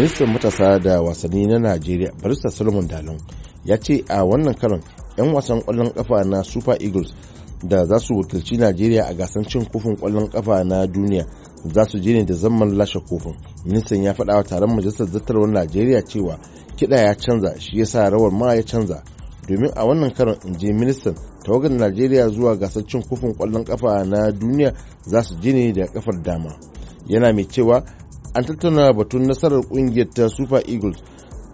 ministan matasa da wasanni na najeriya barista solomon dalon ya ce a wannan karon 'yan wasan kwallon kafa na super eagles da za su wakilci najeriya a gasar cin kofin kwallon kafa na duniya za su je ne da zaman lashe kofin ministan ya faɗa wa taron majalisar zattarwar najeriya cewa kiɗa ya canza shi ya sa rawar ma ya canza domin a wannan karon in je ministan tawagar najeriya zuwa gasar cin kofin kwallon kafa na duniya za su je da kafar dama yana mai cewa an tattauna batun nasarar kungiyar ta super eagles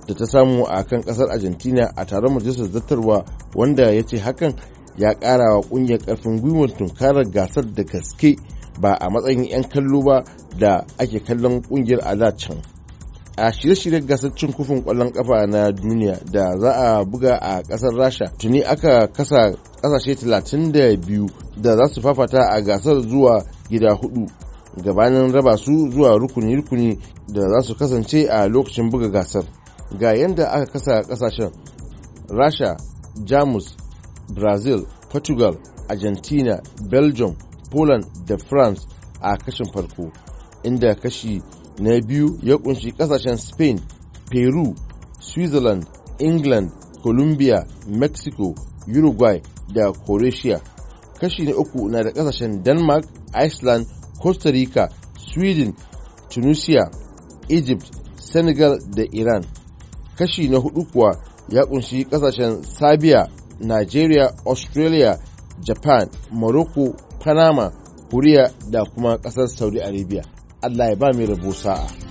da ta samu a kan kasar argentina a taron majalisar zattarwa wanda ya ce hakan ya kara wa kungiyar karfin gwiwar tunkarar gasar da gaske ba a matsayin 'yan kallo ba da ake kallon kungiyar a can a shirye-shiryen gasar cin kufin kwallon kafa na duniya da za a buga a kasar rasha tuni aka kasa kasashe 32 da za su fafata a gasar zuwa gida hudu gabanin raba su zuwa rukuni-rukuni da za su kasance a lokacin buga gasar ga yadda aka kasa kasashen rasha jamus brazil portugal argentina belgium poland da france a kashin farko inda kashi na biyu ya kunshi kasashen spain peru switzerland england colombia mexico uruguay da croatia kashi na uku na da kasashen denmark iceland costa rica sweden tunisia egypt senegal da iran kashi na hudu kuwa ya kunshi kasashen serbia nigeria australia japan morocco panama korea da kuma kasar saudi arabia allah ya ba mai rabo sa'a